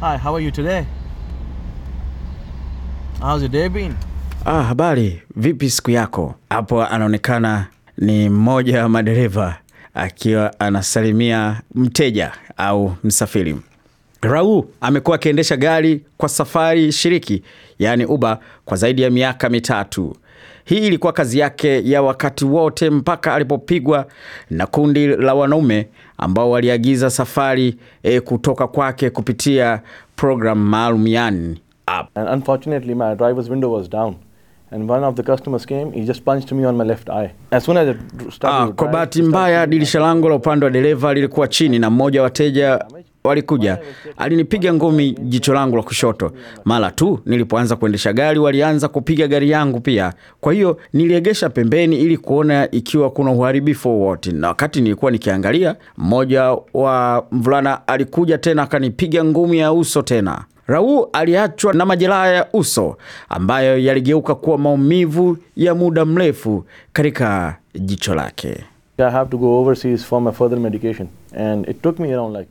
Hi, how are you today? How's your day been? Ah, habari, vipi siku yako? Hapo anaonekana ni mmoja wa madereva akiwa anasalimia mteja au msafiri. Rau amekuwa akiendesha gari kwa safari shiriki, yaani Uber, kwa zaidi ya miaka mitatu. Hii ilikuwa kazi yake ya wakati wote mpaka alipopigwa na kundi la wanaume ambao waliagiza safari e, kutoka kwake kupitia programu maalum yani ah, kwa bahati mbaya dirisha langu la upande wa dereva lilikuwa chini na mmoja wateja walikuja, alinipiga ngumi jicho langu la kushoto. Mara tu nilipoanza kuendesha gari, walianza kupiga gari yangu pia. Kwa hiyo niliegesha pembeni ili kuona ikiwa kuna uharibifu wowote, na wakati nilikuwa nikiangalia, mmoja wa mvulana alikuja tena akanipiga ngumi ya uso tena. Raul aliachwa na majeraha ya uso ambayo yaligeuka kuwa maumivu ya muda mrefu katika jicho lake. I have to go overseas for my further medication and it took me around like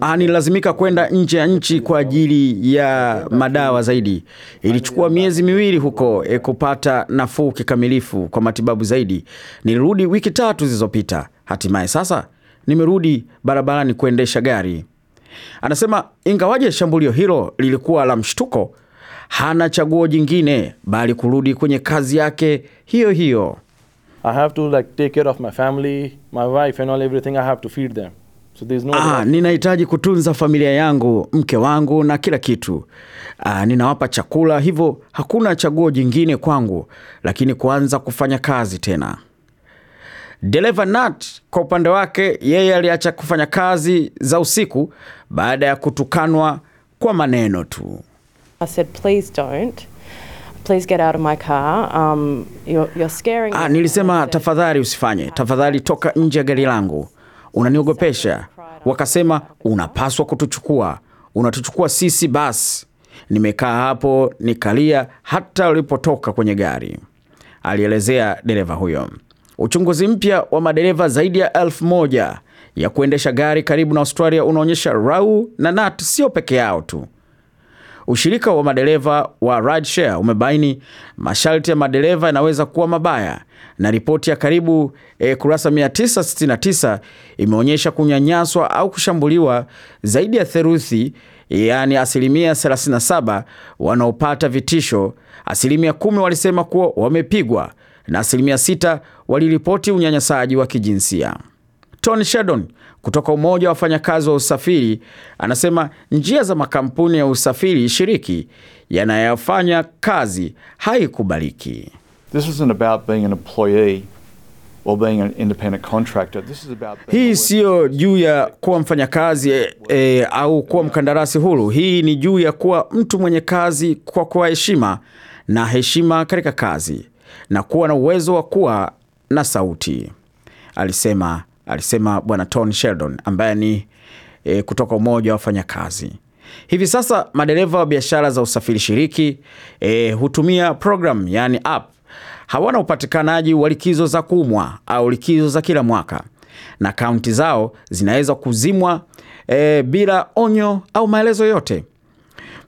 Ah, nililazimika kwenda nje ya nchi kwa ajili ya madawa zaidi. Ilichukua miezi miwili huko e kupata nafuu kikamilifu kwa matibabu zaidi. Nilirudi wiki tatu zilizopita. Hatimaye sasa nimerudi barabarani kuendesha gari. Anasema ingawaje shambulio hilo lilikuwa la mshtuko, hana chaguo jingine bali kurudi kwenye kazi yake hiyo hiyo. So no ah, ninahitaji kutunza familia yangu, mke wangu na kila kitu. Ah, ninawapa chakula, hivyo hakuna chaguo jingine kwangu lakini kuanza kufanya kazi tena. Dereva Nat kwa upande wake, yeye aliacha kufanya kazi za usiku baada ya kutukanwa kwa maneno tu. I said, please don't. Please get out of my car. Um, you're, you're scaring. Ah, nilisema tafadhali usifanye, tafadhali toka nje ya gari langu unaniogopesha. Wakasema, unapaswa kutuchukua, unatuchukua sisi basi. Nimekaa hapo nikalia hata ulipotoka kwenye gari, alielezea dereva huyo. Uchunguzi mpya wa madereva zaidi ya elfu moja ya kuendesha gari karibu na Australia unaonyesha Rau na Nat sio peke yao tu Ushirika wa madereva wa rideshare umebaini masharti ya madereva yanaweza kuwa mabaya, na ripoti ya karibu e, kurasa 969 imeonyesha kunyanyaswa au kushambuliwa zaidi ya theluthi, yaani asilimia 37 wanaopata vitisho, asilimia kumi walisema kuwa wamepigwa na asilimia sita waliripoti unyanyasaji wa kijinsia. Tony Shadon kutoka Umoja wa Wafanyakazi wa Usafiri anasema njia za makampuni ya usafiri shiriki yanayofanya kazi haikubaliki. Hii siyo juu ya kuwa mfanyakazi e, au kuwa mkandarasi huru. Hii ni juu ya kuwa mtu mwenye kazi kwa kuwa heshima na heshima katika kazi na kuwa na uwezo wa kuwa na sauti, alisema alisema Bwana Tony Sheldon ambaye ni e, kutoka umoja wa wafanyakazi. Hivi sasa madereva wa biashara za usafiri shiriki e, hutumia program yani app. Hawana upatikanaji wa likizo za kumwa au likizo za kila mwaka, na kaunti zao zinaweza kuzimwa e, bila onyo au maelezo yote.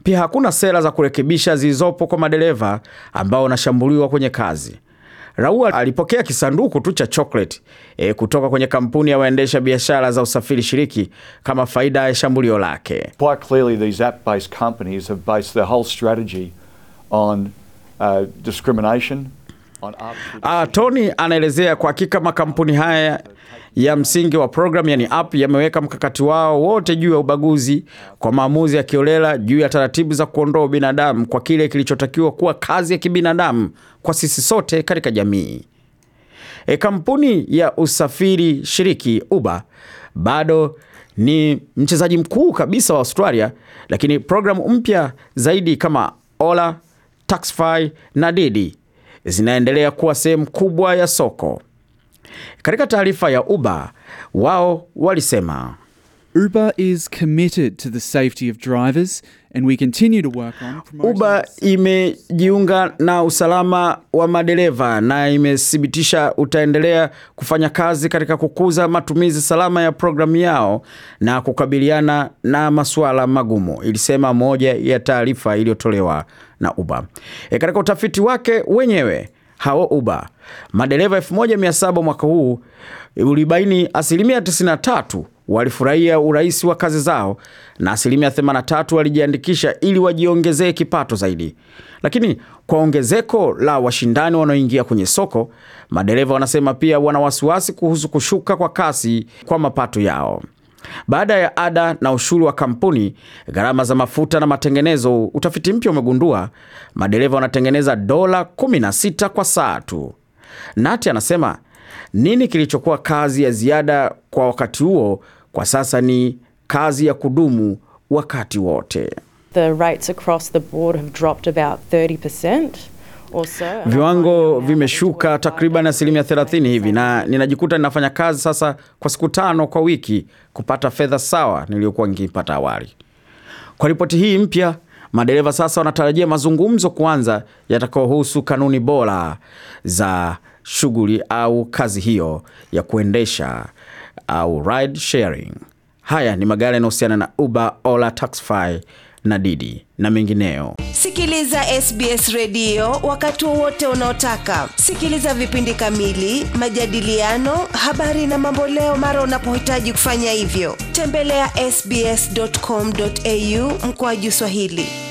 Pia hakuna sera za kurekebisha zilizopo kwa madereva ambao wanashambuliwa kwenye kazi. Raua alipokea kisanduku tu cha chocolate e, kutoka kwenye kampuni ya waendesha biashara za usafiri shiriki kama faida ya shambulio lake. Quite clearly these app-based companies have based their whole strategy on uh, discrimination Uh, Tony anaelezea kwa hakika makampuni haya ya msingi wa programu yani app yameweka mkakati wao wote juu ya ubaguzi kwa maamuzi ya kiolela juu ya taratibu za kuondoa binadamu kwa kile kilichotakiwa kuwa kazi ya kibinadamu kwa sisi sote katika jamii. E, kampuni ya usafiri shiriki Uber bado ni mchezaji mkuu kabisa wa Australia, lakini programu mpya zaidi kama Ola, Taxify na Didi zinaendelea kuwa sehemu kubwa ya soko. Katika taarifa ya Uber, wao walisema Uber is committed to the safety of drivers Uber imejiunga na usalama wa madereva na imethibitisha utaendelea kufanya kazi katika kukuza matumizi salama ya programu yao na kukabiliana na masuala magumu, ilisema moja ya taarifa iliyotolewa na Uber. E, katika utafiti wake wenyewe hao Uber. Madereva 1700 mwaka huu eh, ulibaini asilimia 93 walifurahia urahisi wa kazi zao na asilimia 83 walijiandikisha ili wajiongezee kipato zaidi. Lakini kwa ongezeko la washindani wanaoingia kwenye soko, madereva wanasema pia wana wasiwasi kuhusu kushuka kwa kasi kwa mapato yao. Baada ya ada na ushuru wa kampuni, gharama za mafuta na matengenezo, utafiti mpya umegundua madereva wanatengeneza dola 16 kwa saa tu. Nati anasema nini kilichokuwa kazi ya ziada kwa wakati huo kwa sasa ni kazi ya kudumu wakati wote. The rates across the board have dropped about 30% viwango vimeshuka takriban asilimia 30 hivi, na ninajikuta ninafanya kazi sasa kwa siku tano kwa wiki kupata fedha sawa niliyokuwa nikiipata awali. Kwa ripoti hii mpya, madereva sasa wanatarajia mazungumzo kuanza yatakayohusu kanuni bora za shughuli au kazi hiyo ya kuendesha au ride sharing. Haya ni magari yanayohusiana na Uber, Ola, Taxify na Didi na mengineo. Sikiliza SBS redio wakati wowote unaotaka. Sikiliza vipindi kamili, majadiliano, habari na mambo leo mara unapohitaji kufanya hivyo. Tembelea ya sbs.com.au mkoaju Swahili.